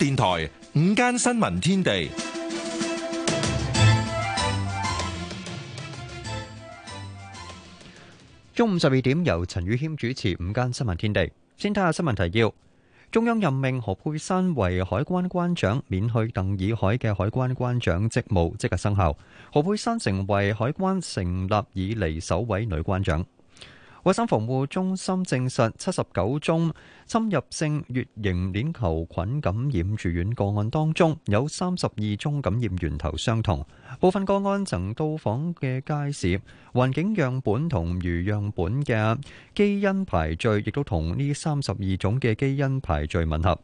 電台午間新聞天地，中午十二點由陳宇謙主持《午間新聞天地》。先睇下新聞提要：中央任命何佩珊為海關關長，免去鄧以海嘅海關關長職務，即刻生效。何佩珊成為海關成立以嚟首位女關長。衞生防護中心證實，七十九宗侵入性乙型鏈球菌感染住院個案當中，有三十二宗感染源頭相同。部分個案曾到訪嘅街市環境樣本同魚樣本嘅基因排序，亦都同呢三十二種嘅基因排序吻合。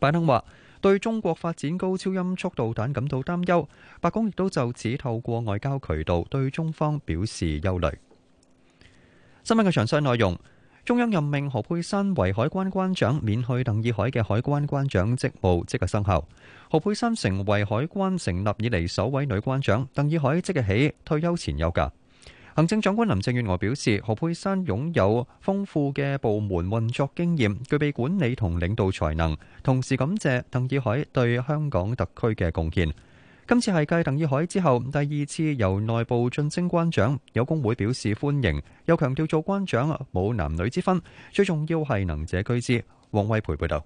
拜登話對中國發展高超音速導彈感到擔憂，白宮亦都就此透過外交渠道對中方表示憂慮。新聞嘅詳細內容，中央任命何佩珊為海關關長，免去鄧以海嘅海關關長職務，即日生效。何佩珊成為海關成立以嚟首位女關長，鄧以海即日起退休前休假。行政長官林鄭月娥表示，何佩珊擁有豐富嘅部門運作經驗，具備管理同領導才能，同時感謝鄧以海對香港特區嘅貢獻。今次係繼鄧以海之後第二次由內部晉升關長，有工會表示歡迎，又強調做關長冇男女之分，最重要係能者居之。王偉培報道。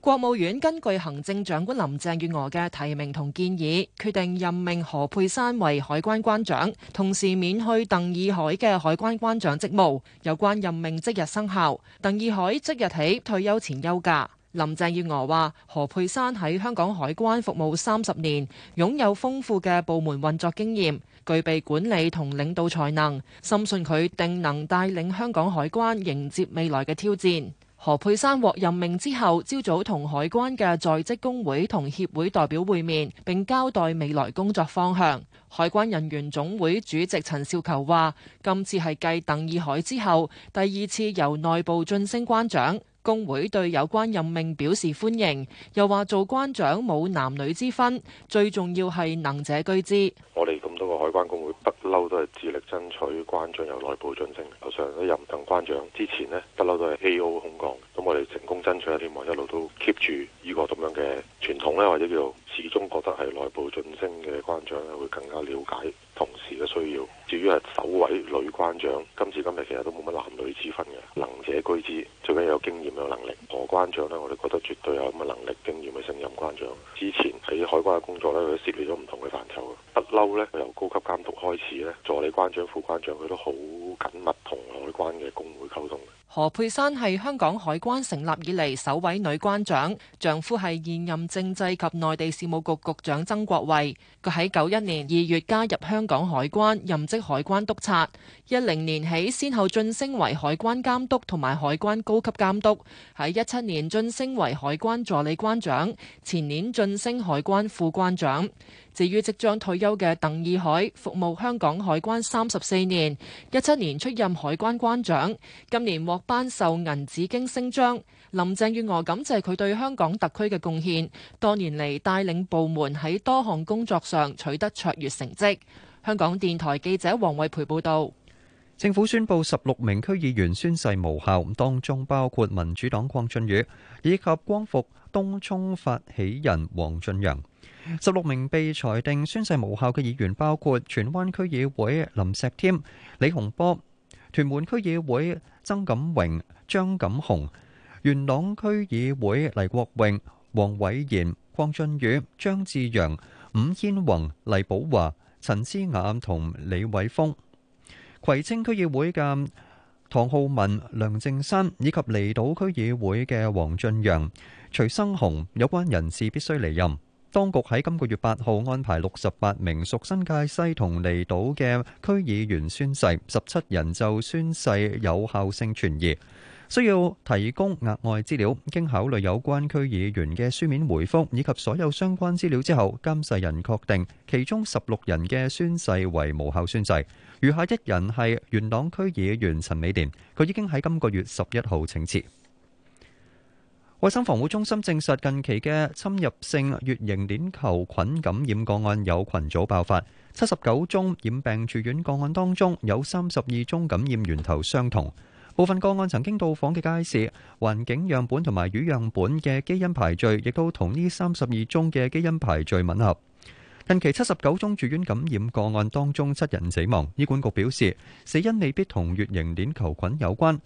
國務院根據行政長官林鄭月娥嘅提名同建議，決定任命何佩珊為海關關長，同時免去鄧以海嘅海關關長職務。有關任命即日生效，鄧以海即日起退休前休假。林鄭月娥話：何佩珊喺香港海關服務三十年，擁有豐富嘅部門運作經驗，具備管理同領導才能，深信佢定能帶領香港海關迎接未來嘅挑戰。何佩珊獲任命之後，朝早同海關嘅在職工會同協會代表會面，並交代未來工作方向。海關人員總會主席陳少球話：今次係繼鄧以海之後第二次由內部晉升關長。工會對有關任命表示歡迎，又話做關長冇男女之分，最重要係能者居之。我哋咁多個海關工會，不嬲都係致力爭取關長由內部晉升。有上一任當關長之前咧，不嬲都係 A O 空降。咁我哋成功爭取，希望一路都 keep 住呢個咁樣嘅傳統咧，或者叫始終覺得係內部晉升嘅關長，係會更加了解。同時嘅需要，至於係首位女關長，今時今日其實都冇乜男女之分嘅，能者居之。最緊要有經驗、有能力。何關長呢，我哋覺得絕對有咁嘅能力、經驗去勝任關長。之前喺海關嘅工作呢，佢都涉獵咗唔同嘅範疇，不嬲咧由高級監督開始咧，助理關長、副關長，佢都好緊密同海關嘅工會溝通。何佩珊係香港海關成立以嚟首位女關長，丈夫係現任政制及內地事務局局長曾國衛。佢喺九一年二月加入香港海關，任職海關督察，一零年起先後晉升為海關監督同埋海關高級監督，喺一七年晉升為海關助理關長，前年晉升海關副關長。至於即將退休嘅鄧以海，服務香港海關三十四年，一七年出任海關關長，今年獲頒授銀紫荊星章。林鄭月娥感謝佢對香港特區嘅貢獻，多年嚟帶領部門喺多項工作上取得卓越成績。香港電台記者黃惠培報導。政府宣布十六名區議員宣誓無效，當中包括民主黨鄺俊宇以及光復東涌發起人黃俊陽。十六名被裁定宣誓無效嘅議員，包括荃灣區議會林石添、李洪波、屯門區議會曾錦榮、張錦雄、元朗區議會黎國榮、黃偉賢、鄺俊宇、張志陽、伍堅宏、黎寶華、陳思雅同李偉峯、葵青區議會嘅唐浩文、梁正山，以及離島區議會嘅黃俊陽、徐生雄。有關人士必須離任。當局喺今個月八號安排六十八名屬新界西同離島嘅區議員宣誓，十七人就宣誓有效性存疑，需要提供額外資料。經考慮有關區議員嘅書面回覆以及所有相關資料之後，監誓人確定其中十六人嘅宣誓為無效宣誓，餘下一人係元朗區議員陳美蓮，佢已經喺今個月十一號請辭。衛生防護中心證實，近期嘅侵入性乙型鏈球菌感染個案有群組爆發。七十九宗染病住院個案當中，有三十二宗感染源頭相同。部分個案曾經到訪嘅街市、環境樣本同埋魚樣本嘅基因排序，亦都同呢三十二宗嘅基因排序吻合。近期七十九宗住院感染個案當中，七人死亡。醫管局表示，死因未必同乙型鏈球菌有關。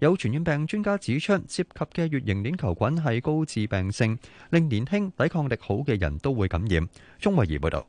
有傳染病專家指出，涉及嘅乙型鏈球菌係高致病性，令年輕抵抗力好嘅人都會感染。鍾慧儀報導。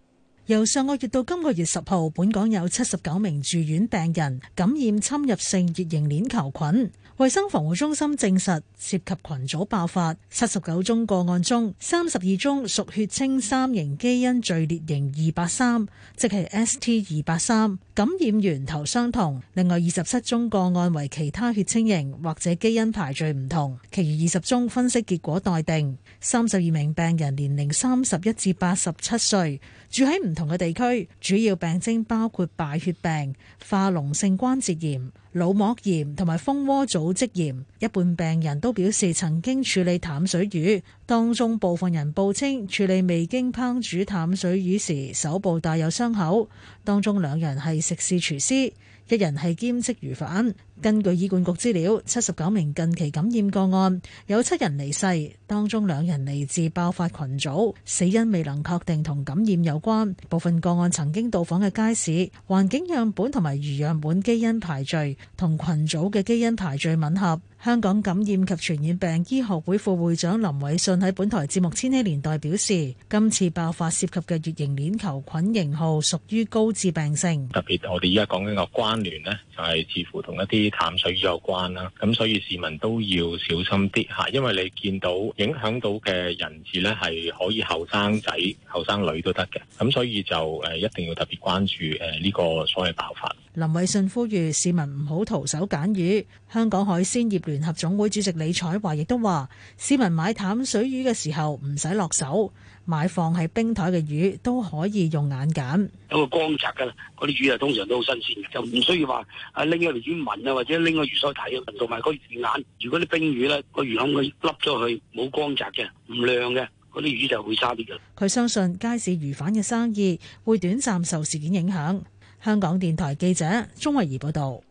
由上個月到今個月十號，本港有七十九名住院病人感染侵入性乙型鏈球菌。衛生防護中心證實涉及群組爆發，七十九宗個案中，三十二宗屬血清三型基因序列型二八三，即係 ST 二八三。感染源頭相同，另外二十七宗個案為其他血清型或者基因排序唔同，其餘二十宗分析結果待定。三十二名病人年齡三十一至八十七歲，住喺唔同嘅地區，主要病徵包括敗血病、化膿性關節炎。腦膜炎同埋蜂窩組織炎，一半病人都表示曾經處理淡水魚。當中部分人報稱處理未經烹煮淡水魚時手部帶有傷口，當中兩人係食肆廚師，一人係兼職魚販。根據醫管局資料，七十九名近期感染個案，有七人離世，當中兩人嚟自爆發群組，死因未能確定同感染有關。部分個案曾經到訪嘅街市，環境樣本同埋魚樣本基因排序，同群組嘅基因排序吻合。香港感染及傳染病醫學會副會長林偉信喺本台節目《千禧年代》表示，今次爆發涉及嘅乙型鏈球菌型號屬於高致病性。特別我哋依家講緊個關聯咧，就係、是、似乎同一啲淡水魚有關啦。咁所以市民都要小心啲吓，因為你見到影響到嘅人士咧，係可以後生仔、後生女都得嘅。咁所以就誒一定要特別關注誒呢個所謂爆發。林偉信呼籲市民唔好徒手揀魚。香港海鮮業聯合總會主席李彩華亦都話，市民買淡水魚嘅時候唔使落手，買放喺冰台嘅魚都可以用眼揀。有個光澤噶啦，嗰啲魚啊通常都好新鮮，就唔需要話啊拎一條魚聞啊，或者拎個魚鰓睇啊，同埋個魚眼。如果啲冰魚咧，個魚眼佢凹咗去，冇光澤嘅，唔亮嘅，嗰啲魚就會差啲㗎喇。佢相信街市魚販嘅生意會短暫受事件影響。香港電台記者鍾慧怡報道。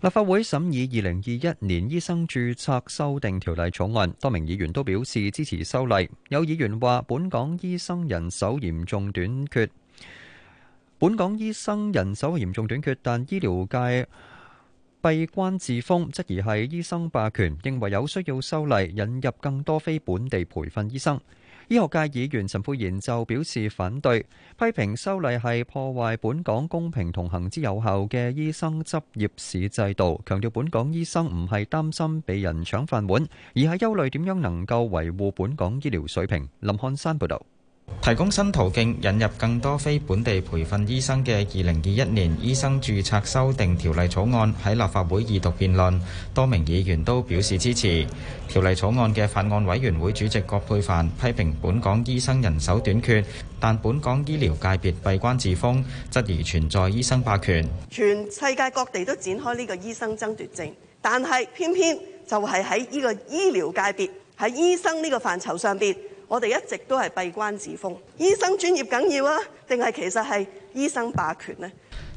立法會審議二零二一年醫生註冊修訂條例草案，多名議員都表示支持修例。有議員話，本港醫生人手嚴重短缺，本港醫生人手嚴重短缺，但醫療界閉關自封，質疑係醫生霸權，認為有需要修例，引入更多非本地培訓醫生。醫學界議員陳沛然就表示反對，批評修例係破壞本港公平同行之有效嘅醫生執業試制度，強調本港醫生唔係擔心被人搶飯碗，而係憂慮點樣能夠維護本港醫療水平。林漢山報道。提供新途徑引入更多非本地培訓醫生嘅二零二一年醫生註冊修訂條例草案喺立法會二讀辯論，多名議員都表示支持。條例草案嘅法案委員會主席葛珮帆批評本港醫生人手短缺，但本港醫療界別閉關自封，質疑存在醫生霸權。全世界各地都展開呢個醫生爭奪戰，但係偏偏就係喺呢個醫療界別喺醫生呢個範疇上面。我哋一直都係閉關自封，醫生專業緊要啊，定係其實係醫生霸權呢？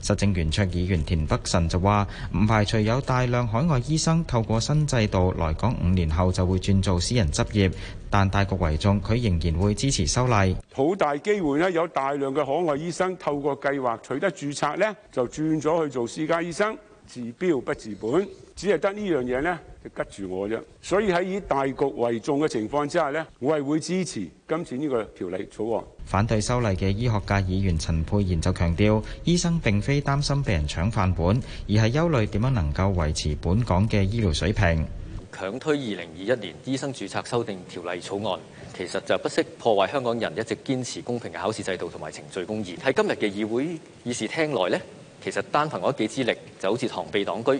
實政圓桌議員田北辰就話：唔排除有大量海外醫生透過新制度來港五年後就會轉做私人執業，但大局為重，佢仍然會支持修例。好大機會呢有大量嘅海外醫生透過計劃取得註冊呢就轉咗去做私家醫生，治標不治本，只係得呢樣嘢呢。拮住我啫，所以喺以大局為重嘅情況之下咧，我係會支持今次呢個條例草案。反對修例嘅醫學界議員陳沛然就強調，醫生並非擔心被人搶飯碗，而係憂慮點樣能夠維持本港嘅醫療水平。強推二零二一年醫生註冊修訂條例草案，其實就不惜破壞香港人一直堅持公平嘅考試制度同埋程序公義，喺今日嘅議會議事廳內咧，其實單憑我一己之力，就好似螳臂擋車。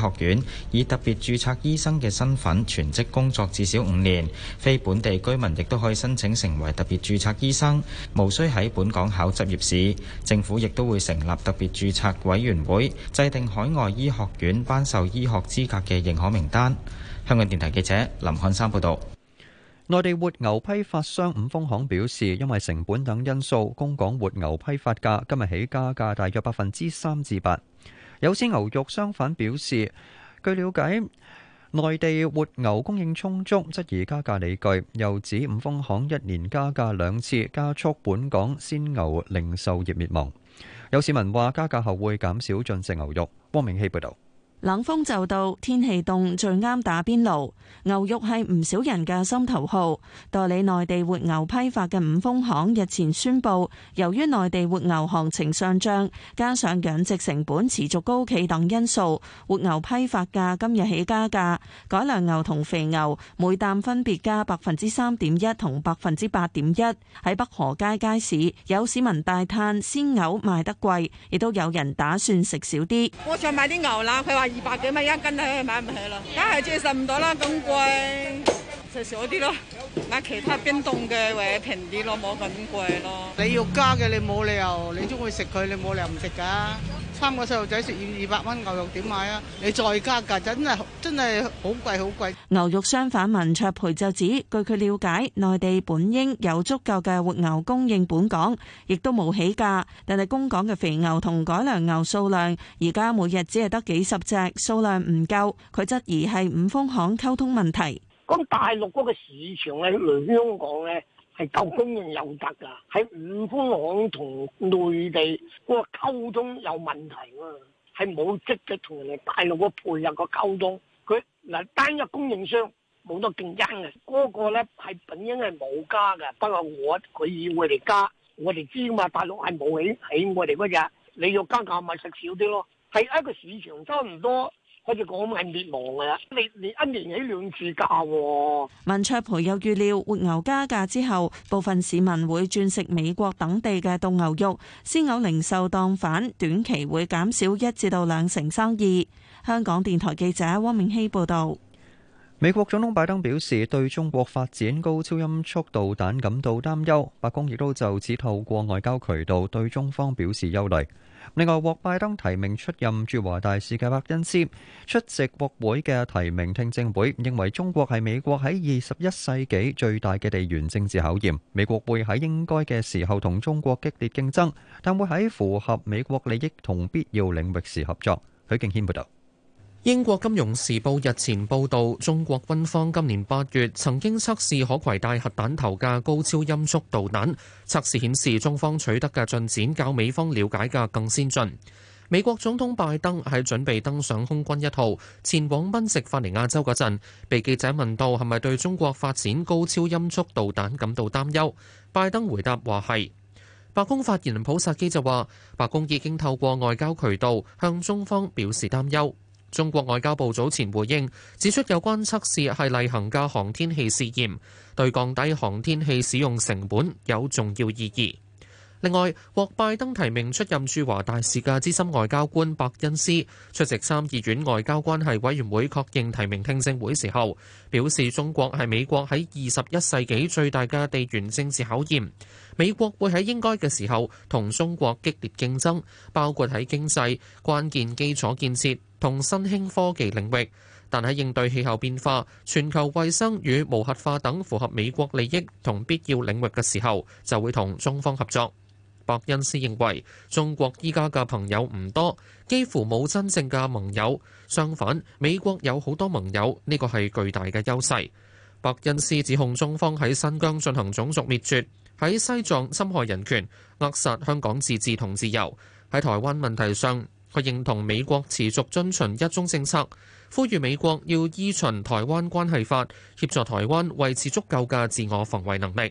學院以特別註冊醫生嘅身份全職工作至少五年。非本地居民亦都可以申請成為特別註冊醫生，無需喺本港考執業試。政府亦都會成立特別註冊委員會，制定海外醫學院頒授醫學資格嘅認可名單。香港電台記者林漢山報道。內地活牛批發商五豐行表示，因為成本等因素，供港活牛批發價今日起加價大約百分之三至八。有鮮牛肉商反表示，據瞭解，內地活牛供應充足，質疑加價理據。又指五豐行一年加價兩次，加速本港鮮牛零售業滅亡。有市民話，加價後會減少進食牛肉。汪明希報導。冷風就到，天氣凍，最啱打邊爐。牛肉係唔少人嘅心頭好。代理內地活牛批發嘅五豐行日前宣布，由於內地活牛行情上漲，加上養殖成本持續高企等因素，活牛批發價今日起加價，改良牛同肥牛每擔分別加百分之三點一同百分之八點一。喺北河街街市，有市民大嘆鮮牛賣得貴，亦都有人打算食少啲。我想買啲牛腩，佢話，二百幾蚊一斤你啦，買唔起啦，梗係即係食唔到啦，咁貴，食少啲咯。買其他冰凍嘅或者平啲咯，冇咁貴咯。你要加嘅你冇理由，你中意食佢，你冇理由唔食㗎。三個細路仔食要二百蚊牛肉點買啊？你再加價，真係真係好貴好貴。牛肉商販文卓培就指，據佢瞭解，內地本應有足夠嘅活牛供應本港，亦都冇起價。但係供港嘅肥牛同改良牛數量而家每日只係得幾十隻，數量唔夠。佢質疑係五豐行溝通問題。咁大陸嗰個市場咧嚟香港咧？係夠供應有得㗎，喺五豐行同內地嗰個溝通有問題啊，係冇積極同人哋大陸個配合個溝通。佢嗱單一供應商冇得競爭嘅，嗰、嗰個咧係本應係冇加嘅。不過我佢以我哋加，我哋知嘛？大陸係冇起起我哋嗰日，你要加價咪食少啲咯。係一個市場差唔多。我哋港民滅亡啊！你你一年起兩次價。文卓培又預料，活牛加價之後，部分市民會轉食美國等地嘅凍牛肉，鮮牛零售檔反短期會減少一至到兩成生意。香港電台記者汪明熙報導。美國總統拜登表示，對中國發展高超音速導彈感到擔憂，白宮亦都就此透過外交渠道對中方表示憂慮。另外，獲拜登提名出任駐華大使嘅伯恩斯出席國會嘅提名聽證會，認為中國係美國喺二十一世紀最大嘅地緣政治考驗。美國會喺應該嘅時候同中國激烈競爭，但會喺符合美國利益同必要領域時合作。許敬軒報道。英國金融時報日前報道，中國軍方今年八月曾經測試可攜帶核彈頭嘅高超音速導彈。測試顯示，中方取得嘅進展較美方了解嘅更先進。美國總統拜登喺準備登上空軍一號前往賓夕法尼亞州嗰陣，被記者問到係咪對中國發展高超音速導彈感到擔憂。拜登回答話係。白宮發言人普薩基就話，白宮已經透過外交渠道向中方表示擔憂。中國外交部早前回應，指出有關測試係例行嘅航天器試驗，對降低航天器使用成本有重要意義。另外，獲拜登提名出任駐華大使嘅資深外交官伯恩斯出席參議院外交關係委員會確認提名聽證會時候，表示中國係美國喺二十一世紀最大嘅地緣政治考驗，美國會喺應該嘅時候同中國激烈競爭，包括喺經濟關鍵基礎建設同新興科技領域。但喺應對氣候變化、全球衛生與無核化等符合美國利益同必要領域嘅時候，就會同中方合作。伯恩斯認為中國依家嘅朋友唔多，幾乎冇真正嘅盟友。相反，美國有好多盟友，呢個係巨大嘅優勢。伯恩斯指控中方喺新疆進行種族滅絕，喺西藏侵害人權，扼殺香港自治同自由。喺台灣問題上，佢認同美國持續遵循一中政策，呼籲美國要依循《台灣關係法》，協助台灣維持足夠嘅自我防衛能力。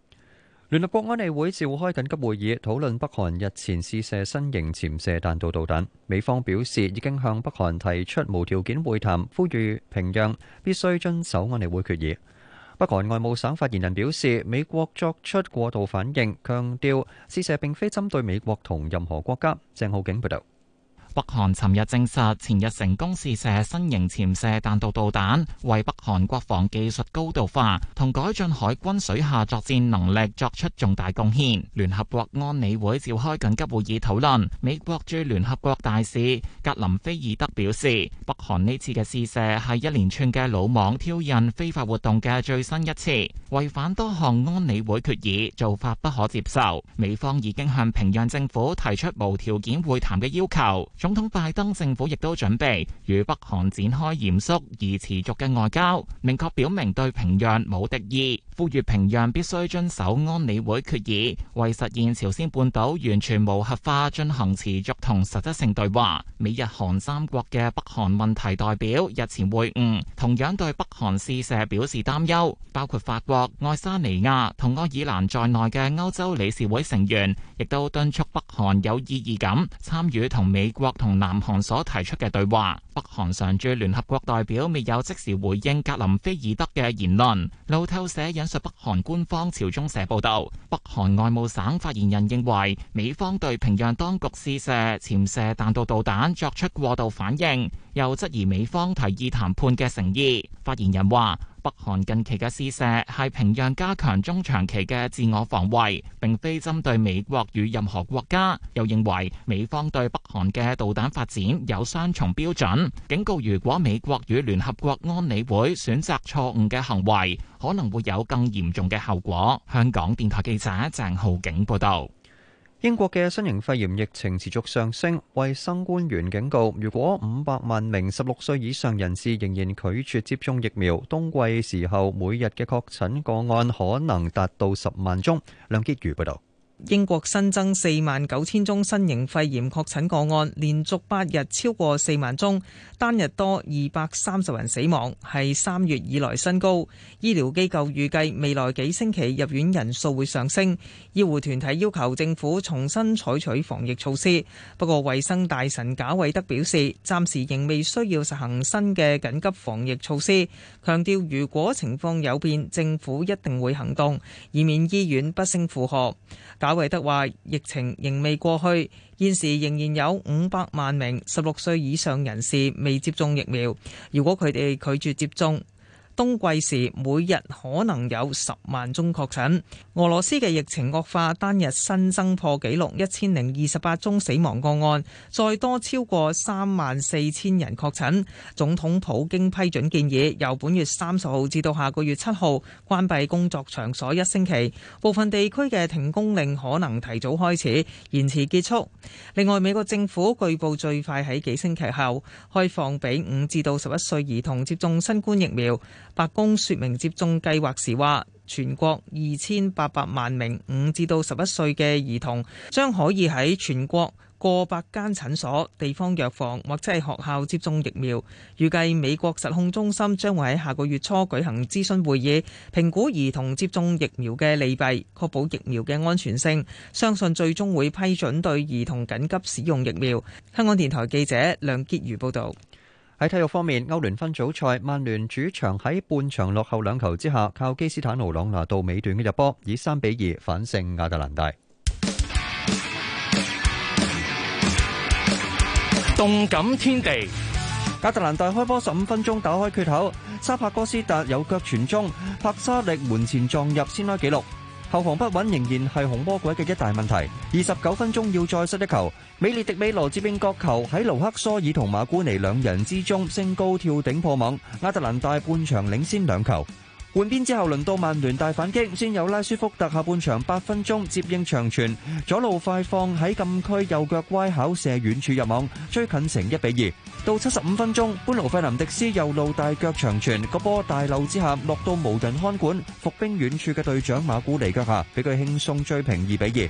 聯合國安理會召開緊急會議，討論北韓日前試射新型潛射彈道導彈。美方表示已經向北韓提出無條件會談，呼籲平壤，必須遵守安理會決議。北韓外務省發言人表示，美國作出過度反應，強調試射並非針對美國同任何國家。鄭浩景報導。北韓尋日證實，前日成功試射新型潛射彈道導彈，為北韓國防技術高度化同改進海軍水下作戰能力作出重大貢獻。聯合國安理會召開緊急會議討論。美國駐聯合國大使格林菲爾德表示，北韓呢次嘅試射係一連串嘅魯莽挑釁非法活動嘅最新一次，違反多項安理會決議，做法不可接受。美方已經向平壤政府提出無條件會談嘅要求。總統拜登政府亦都準備與北韓展開嚴肅而持續嘅外交，明確表明對平壤冇敵意，呼籲平壤必須遵守安理會決議，為實現朝鮮半島完全無核化進行持續同實質性對話。美日韓三國嘅北韓問題代表日前會晤，同樣對北韓試射表示擔憂，包括法國、愛沙尼亞同愛爾蘭在內嘅歐洲理事會成員，亦都敦促北韓有意義咁參與同美國。同南韓所提出嘅對話，北韓常駐聯合國代表未有即時回應格林菲爾德嘅言論。路透社引述北韓官方朝中社報導，北韓外務省發言人認為美方對平壤當局試射潛射彈道導彈作出過度反應，又質疑美方提議談判嘅誠意。發言人話：北韓近期嘅試射係平壤加強中長期嘅自我防衛，並非針對美國與任何國家。又認為美方對北韓嘅導彈發展有雙重標準，警告如果美國與聯合國安理會選擇錯誤嘅行為，可能會有更嚴重嘅後果。香港電台記者鄭浩景報道。英國嘅新型肺炎疫情持續上升，衛生官員警告，如果五百萬名十六歲以上人士仍然拒絕接種疫苗，冬季時候每日嘅確診個案可能達到十萬宗。梁潔如報導。英國新增四萬九千宗新型肺炎確診個案，連續八日超過四萬宗，單日多二百三十人死亡，係三月以來新高。醫療機構預計未來幾星期入院人數會上升。醫護團體要求政府重新採取防疫措施，不過衛生大臣賈偉德表示，暫時仍未需要實行新嘅緊急防疫措施，強調如果情況有變，政府一定會行動，以免醫院不勝負荷。馬維德話：疫情仍未過去，現時仍然有五百萬名十六歲以上人士未接種疫苗。如果佢哋拒絕接種，冬季時每日可能有十萬宗確診。俄羅斯嘅疫情惡化，單日新增破紀錄一千零二十八宗死亡個案，再多超過三萬四千人確診。總統普京批准建議，由本月三十號至到下個月七號關閉工作場所一星期，部分地區嘅停工令可能提早開始，延遲結束。另外，美國政府據報最快喺幾星期後開放畀五至到十一歲兒童接種新冠疫苗。白宮説明接種計劃時話，全國二千八百萬名五至到十一歲嘅兒童將可以喺全國過百間診所、地方藥房或者係學校接種疫苗。預計美國疾控中心將會喺下個月初舉行諮詢會議，評估兒童接種疫苗嘅利弊，確保疫苗嘅安全性。相信最終會批准對兒童緊急使用疫苗。香港電台記者梁潔如報導。喺體育方面，歐聯分組賽，曼聯主場喺半場落後兩球之下，靠基斯坦奴朗拿度尾段嘅入波，以三比二反勝亞特蘭大。動感天地，亞特蘭大開波十五分鐘打開缺口，沙帕哥斯達有腳傳中，帕沙力門前撞入先開紀錄。後防不穩仍然係紅魔鬼嘅一大問題。二十九分鐘要再失一球，美列迪美羅之兵角球喺盧克·索爾同馬古尼兩人之中升高跳頂破網，亞特蘭大半場領先兩球。換邊之後，輪到曼聯大反擊，先有拉舒福特下半場八分鐘接應長傳，左路快放喺禁區右腳歪巧射遠處入網，追近成一比二。到七十五分鐘，班盧費林迪斯右路大腳長傳，個波大漏之下落到無人看管，伏兵遠處嘅隊長馬古尼腳下，俾佢輕鬆追平二比二。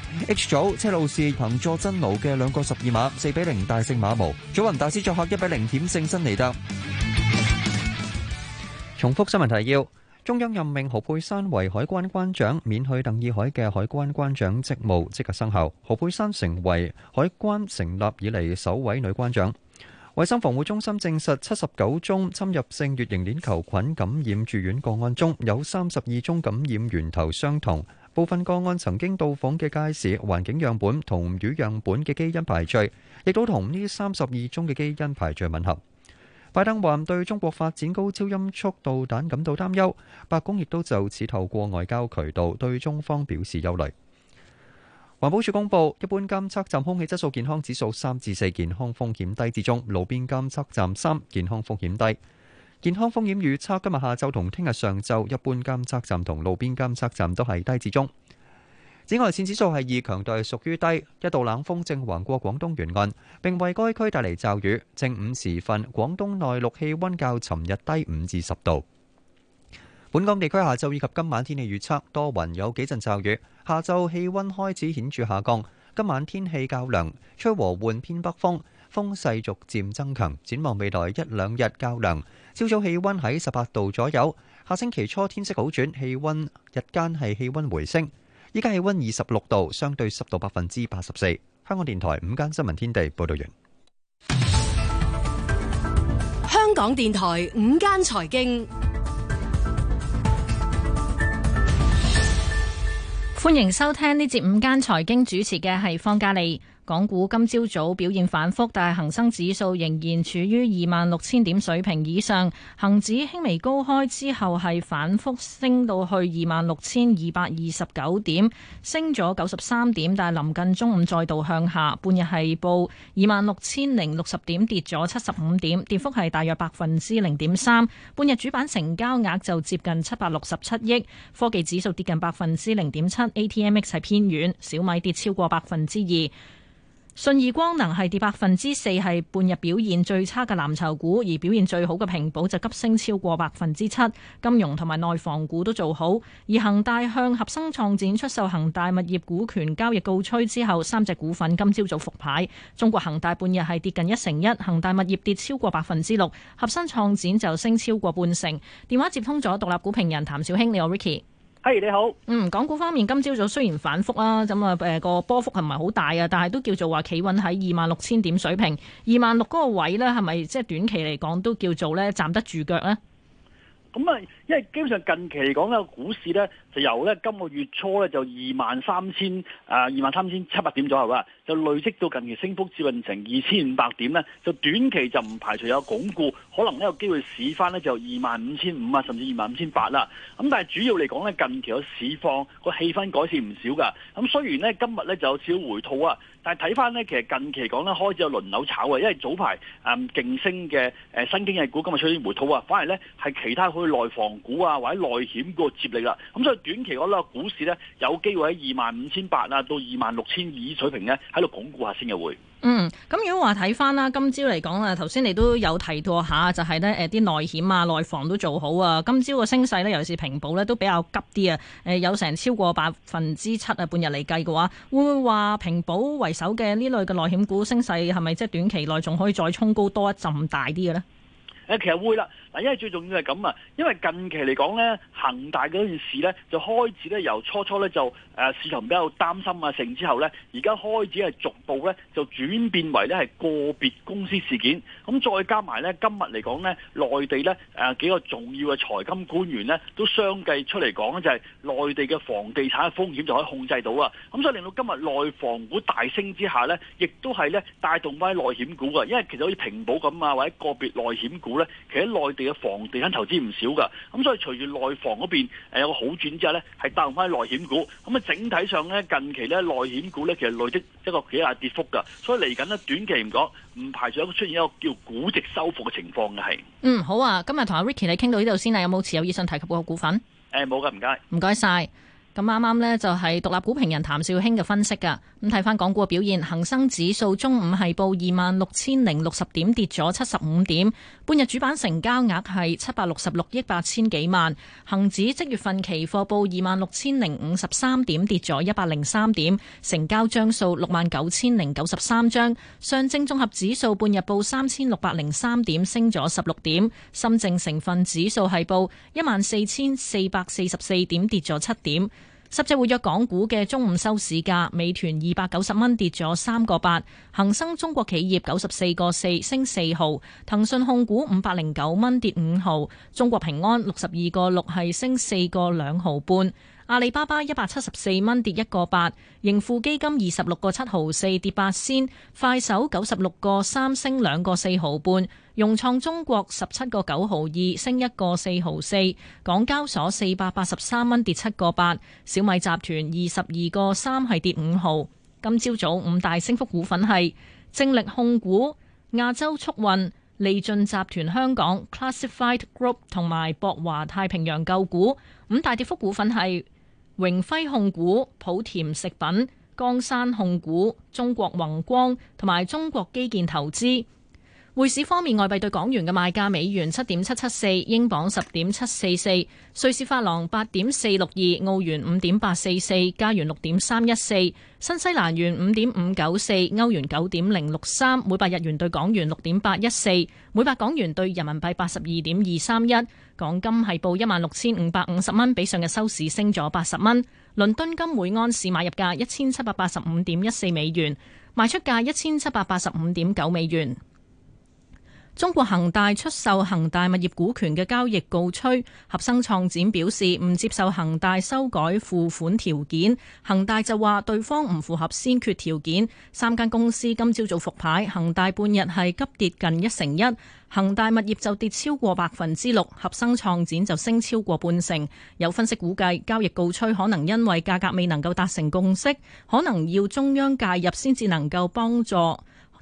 H 組車路士憑助真奴嘅兩個十二碼，四比零大勝馬毛。祖雲大師作客一比零險勝新尼德。重複新聞提要：中央任命何佩珊為海關關長，免去鄧以海嘅海關關長職務，即刻生效。何佩珊成為海關成立以嚟首位女關長。衛生防護中心證實，七十九宗侵入性乙型鏈球菌感染住院個案中，有三十二宗感染源頭相同。部分個案曾經到訪嘅街市、環境樣本同魚樣本嘅基因排序，亦都同呢三十二宗嘅基因排序吻合。拜登話對中國發展高超音速導彈感到擔憂，白宮亦都就此透過外交渠道對中方表示憂慮。環保署公布，一般監測站空氣質素健康指數三至四，健康風險低至中；路邊監測站三，健康風險低。健康風險預測今日下晝同聽日上晝，一般監測站同路邊監測站都係低至中。紫外線指數係二，強度係屬於低。一道冷鋒正橫過廣東沿岸，並為該區帶嚟驟雨。正午時分，廣東內陸氣溫較尋日低五至十度。本港地區下晝以及今晚天氣預測，多雲，有幾陣驟雨。下晝氣溫開始顯著下降，今晚天氣較涼，吹和緩偏北風，風勢逐漸增強。展望未來一兩日較涼。朝早氣溫喺十八度左右。下星期初天色好轉，氣溫日間係氣溫回升。依家氣溫二十六度，相對濕度百分之八十四。香港電台午間新聞天地報道完。香港電台午間財經。歡迎收聽呢節午間財經，主持嘅係方嘉利。港股今朝早，早表現反覆但係恒生指數仍然處於二萬六千點水平以上。恒指輕微高開之後係反覆升到去二萬六千二百二十九點，升咗九十三點，但係臨近中午再度向下，半日係報二萬六千零六十點，跌咗七十五點，跌幅係大約百分之零點三。半日主板成交額就接近七百六十七億。科技指數跌近百分之零點七，ATMX 係偏軟，小米跌超過百分之二。信義光能係跌百分之四，係半日表現最差嘅藍籌股，而表現最好嘅平保就急升超過百分之七，金融同埋內房股都做好，而恒大向合生創展出售恒大物業股權交易告吹之後，三隻股份今朝早復牌，中國恒大半日係跌近一成一，恒大物業跌超過百分之六，合生創展就升超過半成。電話接通咗獨立股評人譚小卿，你好 Ricky。嘿，hey，你好。嗯，港股方面今朝早雖然反覆啦，咁啊，誒個波幅係唔係好大啊，但係都叫做話企穩喺二萬六千點水平，二萬六嗰個位咧係咪即係短期嚟講都叫做咧站得住腳咧？咁啊，因為基本上近期嚟講嘅股市咧。就由咧今個月初咧就二萬三千啊二萬三千七百點左右啊，就累積到近期升幅接近成二千五百點咧，就短期就唔排除有鞏固，可能呢有機會試翻咧就二萬五千五啊，甚至二萬五千八啦。咁但係主要嚟講咧，近期個市況個氣氛改善唔少㗎。咁雖然咧今日咧就有少回吐啊，但係睇翻咧其實近期講咧開始有輪流炒啊，因為早排誒勁升嘅誒新經濟股今日出現回吐啊，反而咧係其他好似內房股啊或者內險個接力啦。咁、嗯、所以、嗯嗯嗯短期嗰粒股市咧，有機會喺二萬五千八啊到二萬六千二水平咧，喺度鞏固下先嘅會。嗯，咁如果話睇返啦，今朝嚟講啊，頭先你都有提到下，就係咧誒啲內險啊、內房都做好啊，今朝嘅升勢咧，尤其是平保咧，都比較急啲啊。誒有成超過百分之七啊半日嚟計嘅話，會唔會話平保為首嘅呢類嘅內險股升勢係咪即係短期內仲可以再衝高多一陣大啲嘅咧？誒，其實會啦。嗱，因為最重要係咁啊，因為近期嚟講咧，恒大嗰件事咧就開始咧，由初初咧就誒、啊、市場比較擔心啊，成之後咧，而家開始係逐步咧就轉變為咧係個別公司事件。咁、嗯、再加埋咧，今日嚟講咧，內地咧誒、啊、幾個重要嘅財金官員咧都相繼出嚟講咧，就係、是、內地嘅房地產風險就可以控制到啊。咁、嗯、所以令到今日內房股大升之下咧，亦都係咧帶動翻內險股啊。因為其實好似平保咁啊，或者個別內險股咧，其實喺內嘅房地產投資唔少噶，咁所以隨住內房嗰邊誒有個好轉之後咧，係帶動翻內險股。咁、嗯、啊整體上咧，近期咧內險股咧其實累積一個幾大跌幅噶，所以嚟緊呢，短期唔講，唔排除出現一個叫估值收復嘅情況嘅係。嗯，好啊，今日同阿 Ricky 你傾到呢度先啊，有冇持有以上提及嗰個股份？誒、欸，冇噶，唔該，唔該晒。咁啱啱呢，剛剛就係獨立股評人譚少卿嘅分析㗎。咁睇翻港股嘅表現，恒生指數中午係報二萬六千零六十點，跌咗七十五點。半日主板成交額係七百六十六億八千幾萬。恒指即月份期貨報二萬六千零五十三點，跌咗一百零三點。成交張數六萬九千零九十三張。上證綜合指數半日報三千六百零三點，升咗十六點。深證成分指數係報一萬四千四百四十四點，跌咗七點。十隻活躍港股嘅中午收市價，美團二百九十蚊跌咗三個八，恒生中國企業九十四個四升四毫，騰訊控股五百零九蚊跌五毫，中國平安六十二個六係升四個兩毫半。阿里巴巴一百七十四蚊跌一個八，盈富基金二十六個七毫四跌八仙，快手九十六個三升兩個四毫半，融創中國十七個九毫二升一個四毫四，港交所四百八十三蚊跌七個八，小米集團二十二個三係跌五毫。今朝早五大升幅股份係正力控股、亞洲速運、利駿集團、香港 Classified Group 同埋博華太平洋舊股。五大跌幅股份係。榮輝控股、普田食品、江山控股、中國宏光同埋中國基建投資。匯市方面，外幣對港元嘅賣價：美元七點七七四，英鎊十點七四四，瑞士法郎八點四六二，澳元五點八四四，加元六點三一四，新西蘭元五點五九四，歐元九點零六三，每百日元對港元六點八一四，每百港元對人民幣八十二點二三一。港金係報一萬六千五百五十蚊，比上日收市升咗八十蚊。倫敦金每安士買入價一千七百八十五點一四美元，賣出價一千七百八十五點九美元。中國恆大出售恆大物業股權嘅交易告吹。合生創展表示唔接受恆大修改付款條件，恆大就話對方唔符合先決條件。三間公司今朝早復牌，恆大半日係急跌近一成一，恆大物業就跌超過百分之六，合生創展就升超過半成。有分析估計，交易告吹可能因為價格未能夠達成共識，可能要中央介入先至能夠幫助。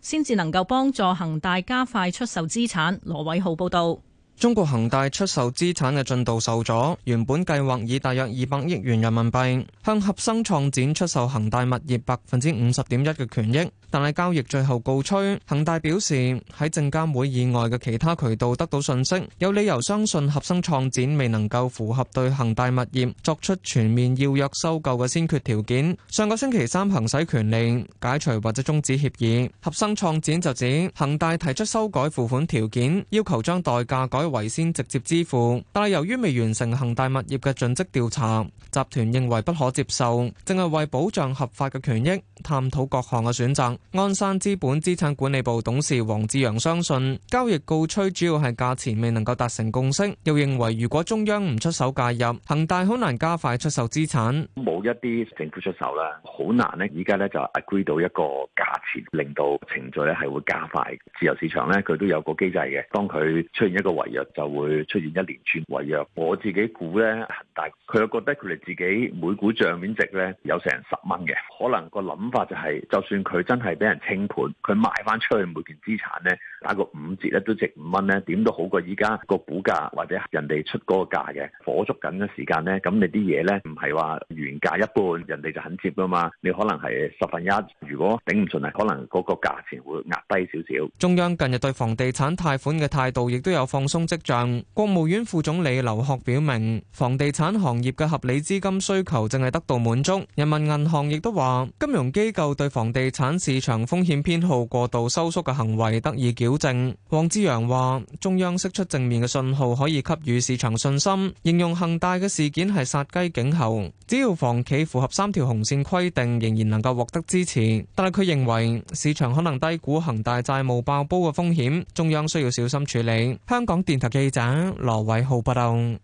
先至能夠幫助恒大加快出售資產。羅偉浩報道：中國恒大出售資產嘅進度受阻，原本計劃以大約二百億元人民幣向合生創展出售恒大物業百分之五十點一嘅權益。但係交易最後告吹，恒大表示喺證監會以外嘅其他渠道得到信息，有理由相信合生創展未能夠符合對恒大物業作出全面要約收購嘅先決條件。上個星期三行使權力解除或者終止協議，合生創展就指恒大提出修改付款條件，要求將代價改為先直接支付，但係由於未完成恒大物業嘅盡職調查，集團認為不可接受，正係為保障合法嘅權益，探討各項嘅選擇。鞍山資本資產管理部董事王志陽相信交易告吹主要係價錢未能夠達成共識，又認為如果中央唔出手介入，恒大好難加快出售資產。冇一啲政府出手啦，好難呢。而家咧就 agree 到一個價錢，令到程序咧係會加快。自由市場咧佢都有個機制嘅，當佢出現一個違約就會出現一連串違約。我自己估咧，恒大佢又覺得佢哋自己每股賬面值咧有成十蚊嘅，可能個諗法就係、是、就算佢真係。係俾人清盤，佢賣翻出去每件資產呢，打個五折咧都值五蚊呢，點都好過依家個股價或者人哋出嗰個價。嘅火燭緊嘅時間呢，咁你啲嘢呢，唔係話原價一半，人哋就肯接噶嘛？你可能係十分一，如果頂唔順啊，可能嗰個價錢會壓低少少。中央近日對房地產貸款嘅態度亦都有放鬆跡象。國務院副總理劉鶴表明，房地產行業嘅合理資金需求正係得到滿足。人民銀行亦都話，金融機構對房地產市市場風險偏好過度收縮嘅行為得以矯正，王之陽話：中央釋出正面嘅信號，可以給予市場信心。形容恒大嘅事件係殺雞儆猴，只要房企符合三條紅綫規定，仍然能夠獲得支持。但係佢認為市場可能低估恒大債務爆煲嘅風險，中央需要小心處理。香港電台記者羅偉浩報道。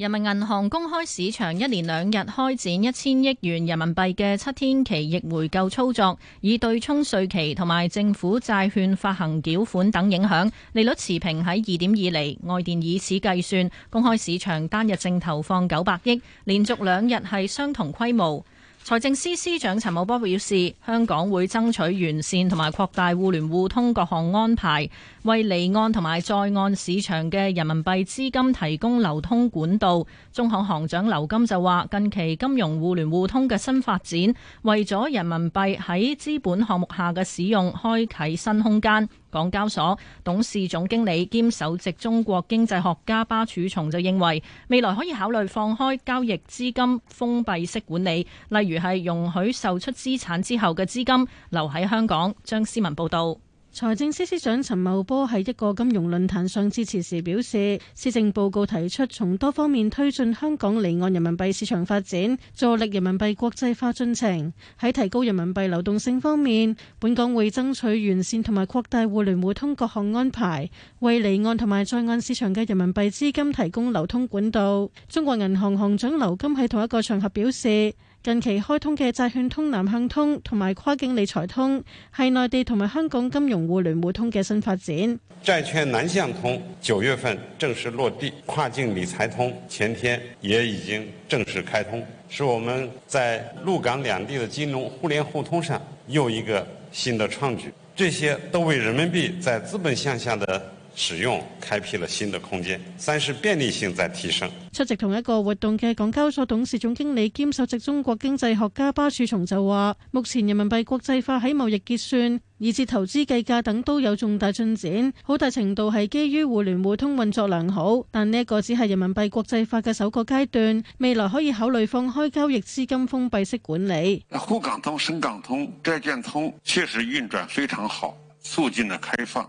人民銀行公開市場一連兩日開展一千億元人民幣嘅七天期逆回購操作，以對沖稅期同埋政府債券發行繳款等影響，利率持平喺二點二厘。外電以此計算，公開市場單日淨投放九百億，連續兩日係相同規模。財政司司長陳茂波表示，香港會爭取完善同埋擴大互聯互通各項安排，為離岸同埋在岸市場嘅人民幣資金提供流通管道。中行行長劉金就話，近期金融互聯互通嘅新發展，為咗人民幣喺資本項目下嘅使用，開啟新空間。港交所董事總經理兼首席中國經濟學家巴曙松就認為未來可以考慮放開交易資金封閉式管理，例如係容許售出資產之後嘅資金留喺香港。張思文報道。財政司司長陳茂波喺一個金融論壇上致辭時表示，施政報告提出從多方面推進香港離岸人民幣市場發展，助力人民幣國際化進程。喺提高人民幣流動性方面，本港會爭取完善同埋擴大互聯互通各項安排，為離岸同埋在岸市場嘅人民幣資金提供流通管道。中國銀行行長劉金喺同一個場合表示，近期開通嘅債券通南向通同埋跨境理財通係內地同埋香港金融互聯互通嘅新發展。債券南向通九月份正式落地，跨境理財通前天也已經正式開通，是我們在陸港兩地嘅金融互聯互通上又一個新的創舉。這些都為人民幣在資本項下的使用開闢了新的空間，三是便利性在提升。出席同一個活動嘅港交所董事總經理兼首席中國經濟學家巴曙松就話，目前人民幣國際化喺貿易結算、以至投資計價等都有重大進展，好大程度係基於互聯互通運作良好。但呢一個只係人民幣國際化嘅首個階段，未來可以考慮放開交易資金封閉式管理。滬港通、深港通、債券通確實運轉非常好，促進了開放。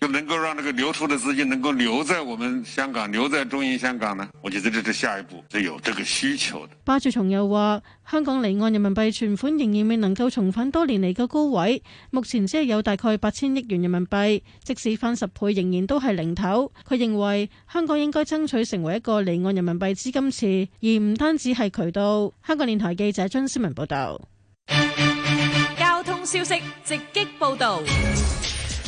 就能夠讓那個流出的資金能夠留在我們香港，留在中英香港呢？我覺得這是下一步，就有這個需求。巴卓松又話，香港離岸人民幣存款仍然未能夠重返多年嚟嘅高位，目前只係有大概八千億元人民幣，即使翻十倍，仍然都係零頭。佢認為香港應該爭取成為一個離岸人民幣資金池，而唔單止係渠道。香港電台記者張思文報道。交通消息直擊報道。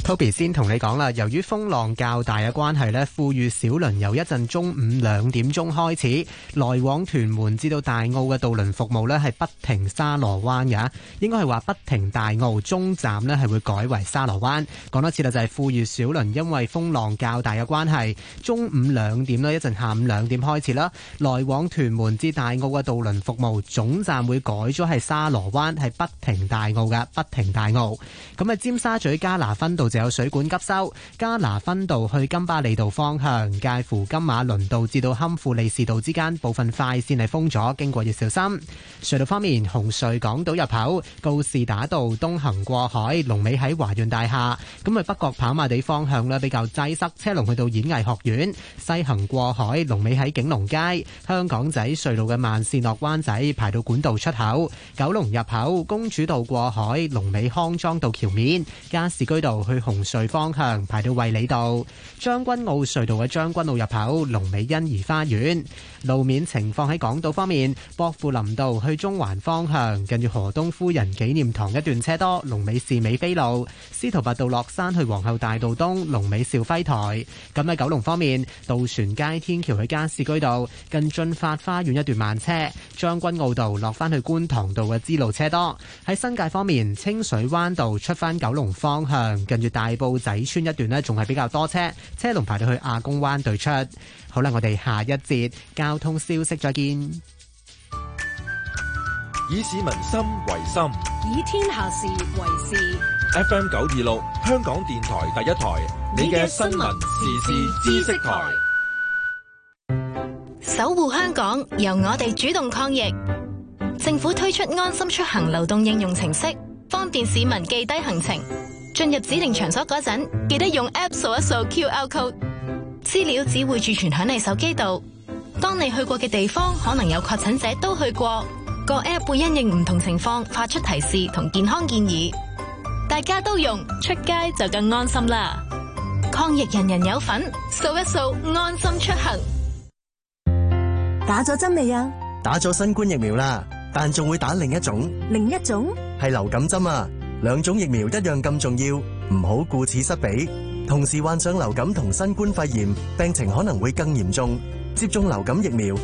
Toby 先同你講啦，由於風浪較大嘅關係，呢富裕小輪由一陣中午兩點鐘開始，來往屯門至到大澳嘅渡輪服務呢係不停沙螺灣嘅，應該係話不停大澳中站呢係會改為沙螺灣。講多次啦，就係、是、富裕小輪因為風浪較大嘅關係，中午兩點啦，一陣下午兩點開始啦，來往屯門至大澳嘅渡輪服務總站會改咗係沙螺灣，係不停大澳嘅不停大澳。咁啊，尖沙咀加拿芬道。就有水管急修，加拿分道去金巴利道方向，介乎金馬倫道至到堪富利士道之間部分快線係封咗，經過要小心。隧道方面，紅隧港島入口，告士打道東行過海，龍尾喺華潤大廈。咁啊，北角跑馬地方向咧比較擠塞車，車龍去到演藝學院，西行過海，龍尾喺景隆街。香港仔隧道嘅慢線落灣仔，排到管道出口，九龍入口，公主道過海，龍尾康莊道橋面，加士居道去。紅隧方向排到衛理道，將軍澳隧道嘅將軍澳入口，龍尾欣怡花園路面情況。喺港島方面，薄扶林道去中環方向近住河東夫人紀念堂一段車多，龍尾士美飛路，司徒拔道落山去皇后大道東龍尾兆輝台。咁喺九龍方面，渡船街天橋去加士居道近駿發花園一段慢車，將軍澳道落翻去觀塘道嘅支路車多。喺新界方面，清水灣道出翻九龍方向近住。大埔仔村一段呢，仲係比較多車，車龍排到去亞公灣對出。好啦，我哋下一節交通消息再見。以市民心為心，以天下事為事。FM 九二六，M、26，香港電台第一台，你嘅新聞時事知識台。守護香港，由我哋主動抗疫。政府推出安心出行流動應用程式，方便市民記低行程。進入指定場所嗰陣，記得用 App 掃一掃 QR code，資料只會儲存響你手機度。當你去過嘅地方可能有確診者都去過，個 App 會因應唔同情況發出提示同健康建議。大家都用，出街就更安心啦！抗疫人人有份，掃一掃安心出行。打咗針未啊？打咗新冠疫苗啦，但仲會打另一種？另一種？係流感針啊。兩種疫苗一樣咁重要，唔好顧此失彼。同時患上流感同新冠肺炎，病情可能會更嚴重。接種流感疫苗。